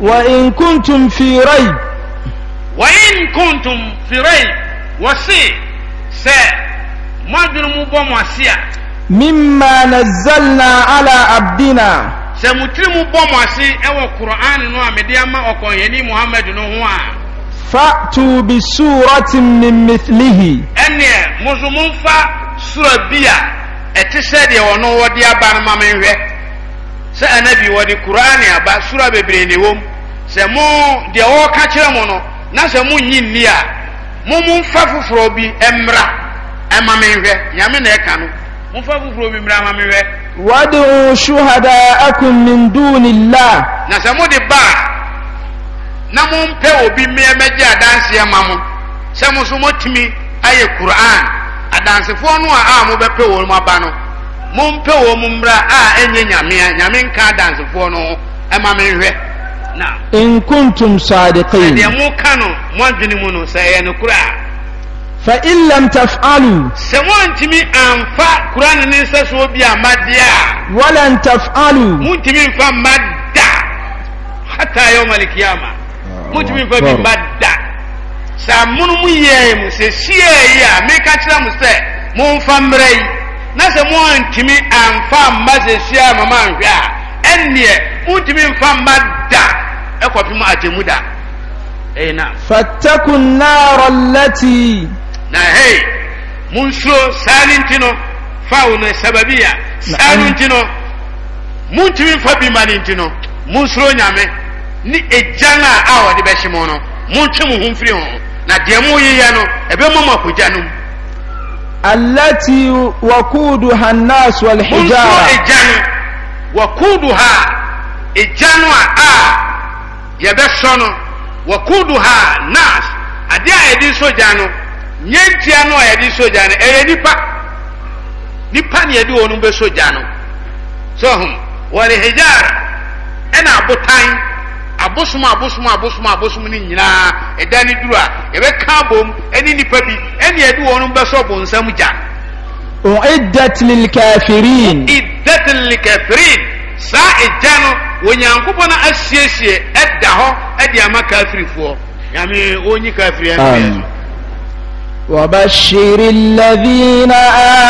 وإن كنتم في ريب وإن كنتم في ريب وسي سي مدر مبوم وسيا مما نزلنا على عبدنا sɛ mutiri mu bɔ mo ase ɛwɔ kur'an no a mede ama ɔkɔnyɛni muhammed no ho a. fatu bi surati min mithlihi. ɛnneɛ musomu nfa sura bi a ɛte sɛ deɛ ɔno wɔde aba no ma mi hwɛ sɛ anabi wɔde kurane aba sura bebree ne wom sɛ mo deɛ wɔreka kyerɛ mo no na sɛ monyi nni a mo momfa foforɔ bi mmra ɛma me nhwɛ nyame na ɛka no momfa foforɔ bi mmra ama me hwɛ wadu shuhadaakum min dunillah na sɛ mode ba na mompɛ obi mmeɛ adanseɛ ma mo sɛ mo so motumi ayɛ kuran adansefoɔ no a a mobɛpɛ wɔ mu aba no mompɛ wɔ mu mmra a ɛnyɛ nyame a nyame nka adansefoɔ no ɛma menhwɛ na nkuntum sadiqin deɛ moka no mo adwene mu no sɛ ɛyɛ nokorɛ a fa in lam taf'alu sɛ moantumi amfa kura ne ne nsɛsoɔ bi a mmadeɛ a walan taf'alu montumi mfa mma da hata yawma alkiyama ah, montumi mfa bi mma da sɛ amono mu yɛe mu sɛ siee yi a meka kyerɛ mo sɛ momfa mmerɛ yi ɔmo antumi amfa mma sesia mama nhwɛ a ɛnneɛ mutumi mfa mma da ɛkɔpem agyɛmu da ɛyɛ na. fataku naara lati. na hei munsuro saa ne nti no fawo no sababi a saa no nti no muntumi mfa bi ma ne nti no munsuro nyame ne egyan a a wɔde bɛhye mu no muntwe mo ho mfiri ho na deɛ mo yeyɛ no ɛbɛma mo akogya no mu. التي وقودها الناس والحجارة إجان وقودها إجان وآ يبسون وقودها الناس أدي أيدي سجانو nyɛnti ano a yɛde sogya no ɛyɛ nipa nipa ne yɛde wɔn bɛ sogya no so hom ɛna abotan abosom abosom abosom abosom no nyinaa ɛda ne duru a yɛbɛka abom ɛne nnipa bi ɛne yɛde wɔn bɛsɔ bonsam gya uiddat lilkafirin uiddat lilkafirin saa ɛgya no onyankopɔn no asiesie ɛda hɔ ɛde ama kafirifoɔ nyame ɔnyi kafiri ɛnfɛ so وبشر الذين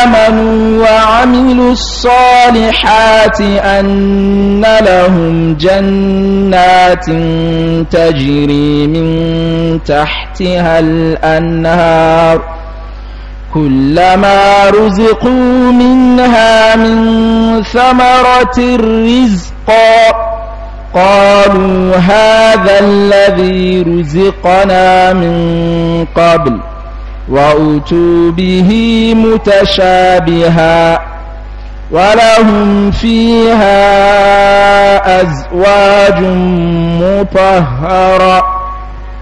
آمنوا وعملوا الصالحات أن لهم جنات تجري من تحتها الأنهار كلما رزقوا منها من ثمرة رزقا قالوا هذا الذي رزقنا من قبل وأتوا به متشابها ولهم فيها أزواج مطهرة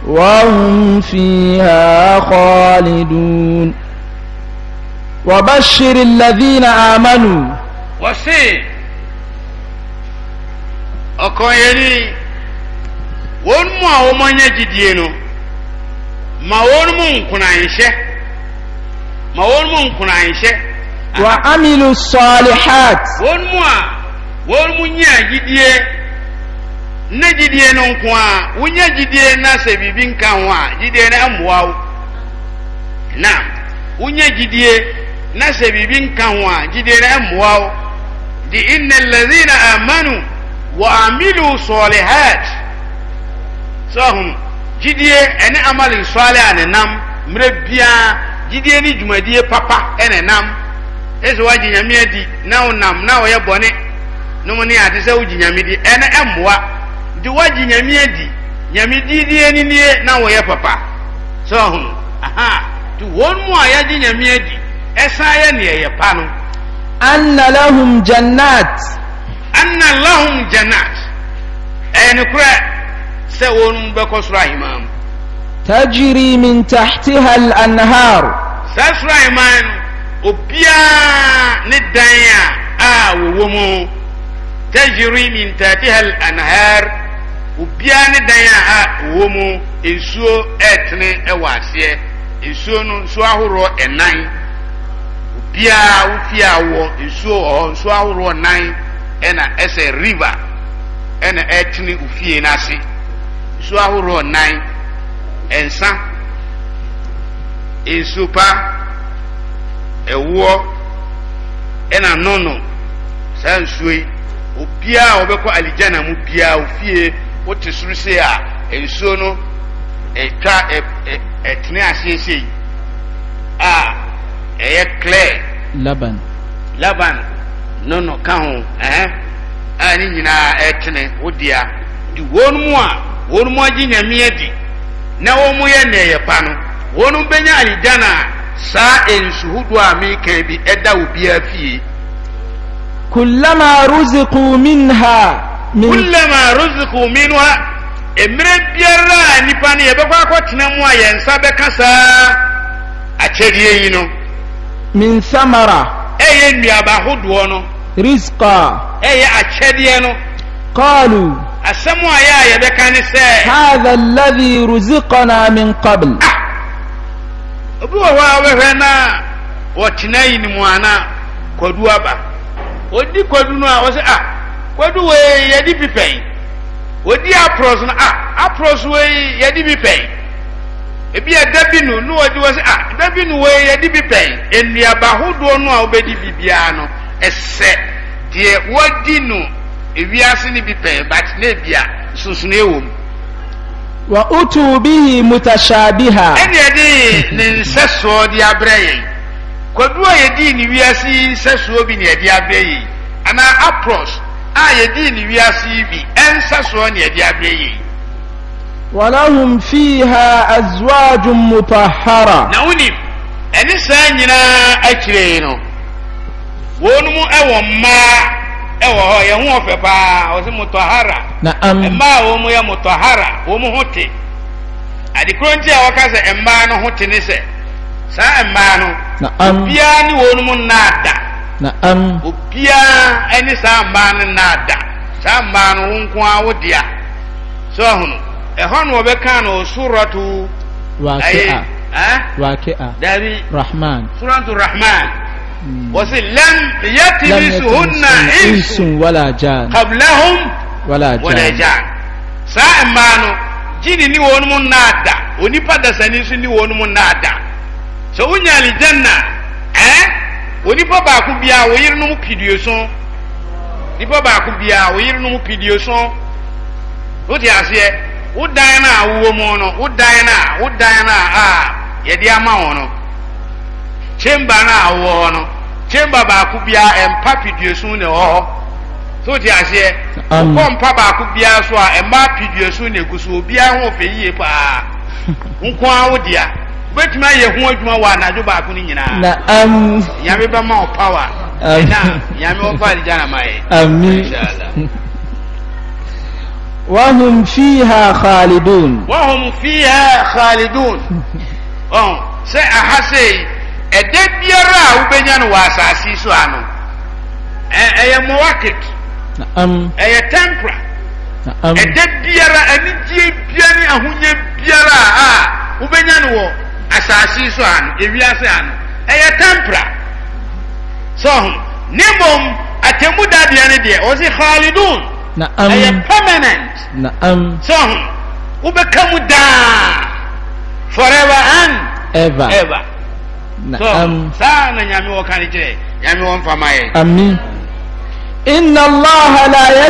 وهم فيها خالدون وبشر الذين آمنوا وسي أكون يلي ونمو أمانيا يجدينو mawon mun kunanshe mawon mun kunanshe wa amilu salihat won mu won mun ya gidie na gidie non kwa wunya gidie na sabibin kan wa gidie na amwawo na wunya gidie na sabibin kan wa gidie na amwawo di innal ladhina amanu wa amilu salihat sahum so, gyidie ɛne amali nsɔale a nenam mmerɛ biara gyidie ne dwumadie papa ɛne nam ɛsɛ wagye nyame adi na wonam na wɔyɛ bɔne no mu ne ade sɛ wogye nyame di ɛne ɛmmoa nti wagye nyame adi nyame didie ne nie na wɔyɛ papa sɛ ɔhono hmm, aha nti wɔn mu a yɛgye nyame adi ɛsan yɛ neɛ yɛ pa no anna lahum jannat anna lahum jannat ɛyɛ nokorɛ sɛ wɔnom bɛkɔ soro ahemmaa mu tajiri min tahtiha al-anhar saa soro ahemmaa no obiara ne dan a a wɔwɔ mu tajiri min tahtiha al-anhar obiara ne dan a wɔwɔ mu nsuo ɛtene ɛwɔ aseɛ nsuo no nsuo ahoroɔ ɛnan obiara wofie a nsuo wɔ nsuo ahoroɔ nan ɛna ɛsɛ river ɛna ɛtene ofie n'ase. nsu ahoroɔ nan nsa nsu pa ɛwoɔ ɛna nono saa nsuo yi obiara a wɔbɛkɔ aligyana mu biara ofie wote soro se a nsuo no ɛtwa ɛ ɛtene asiesie a ɛyɛ clear. laban. laban nono ka ho ɛhɛn eh, eh. a ne nyinaa ɛtene wodia di wɔn mu a. wɔn mu agye nyame adi na wɔn mu yɛ nɛɛyɛ pa no wɔn bɛnya aligyana saa nsuhudoɔ a meka bi ɛda obiara fie كلما رزقوا منها من كلما رزقوا منها emere biara a nipa no yɛbɛkɔ akɔtena mu a yɛn nsa bɛka saa akyɛdeɛ yi no min samara ɛyɛ nnuaba ahodoɔ no riska ɛyɛ akyɛdeɛ no kɔɔlu asɛm a yɛ a yɛbɛka ne sɛ hadha alladhi ruziqana min qabl ah! obi wɔ hɔ a wobɛhwɛ na wɔtena yi ne mu ana kwadu aba ɔdi kwadu no a wɔ a ah! kwadu wei yɛde bi pɛn ɔdi aprɔs no a ah! aprɔs wei yɛde bi pɛn ebi a dabi no na wɔde wɔ sɛ a dabi no wei yɛde bi pɛn nnuaba ahodoɔ no a wobɛdi biribiara no ɛsɛ deɛ wɔdi no ewiase no bi pɛn bat na ebi a sunsun ewɔ mu. wa utu bihi mutashabiha. ɛna yɛde ne nsɛsoɔ de abrɛ yɛn kodu a yɛdi ne wiase nsɛsoɔ bi na abrɛ yɛn apros a yɛdi ne wiase bi ɛnsɛsoɔ na yɛde abrɛ yɛn. ɛwɔ hɔ yɛn ho ɔfɛ paa ɔsɛ mutɔhara mmaa a wɔn yɛ mutɔhara wɔn ho te adekoro nti a wɔka sɛ mmaa no ho te ne sɛ saa mmaa no obiara ne wɔn mu nnaada obiara ne saa mmaa no nnaada saa mmaa no wɔn nko ara wɔdea so ɔhono ɛhɔ no wɔbɛka no osurɔto a. ɛɛ dabi surɔto rahman. wọ́sí lẹ́m yẹ́tìmísùhúnà ìsùn kàbílẹ́hùn wọlé jà saa mmaa no gyini ne wɔn mu naada onipa dasani nso ne wɔn mu naada sɛ wonya alijanna ɛɛ onipa baako biara wo yere no mu pidie so nipa baako biara wo yere no mu pidie so wote aseɛ wo dan no a wowɔ mu no wo dan no a wo dan no a a yɛde ama wɔn no chamber no a wowɔ hɔ no chamber baako biara ɛmpa pidiesu ne wɔ hɔ so wote aseɛ wokɔ mpa baako biara so a ɛmma pidiesu ne ɛgu so obiara ho fɛ yie paa nko a wo dea ayɛ ho adwuma wɔ anadwo baako no nyinaa um, nyame bɛma wo power um, ɛna nyame wɔmfa adigya na mayɛ وهم فيها خالدون وهم فيها خالدون اه سي احسي ɛda biara a wobɛnya no wɔ asase so a no ɛyɛ mowaket ɛyɛ tempra ɛda biara anigyeɛ bia ne ahonya biara a wobɛnya no wɔ asase so a no ewiase a no ɛyɛ tempra sɛ ɔho ne mmom atemmu dadeɛ no deɛ ɔse khalidon ɛyɛ permanent sɛ ɔho wobɛka mu daa forever and ever, ever. saa na nyame wɔ ka ne kyerɛ nyame wɔ mfama yɛ amin inna allah la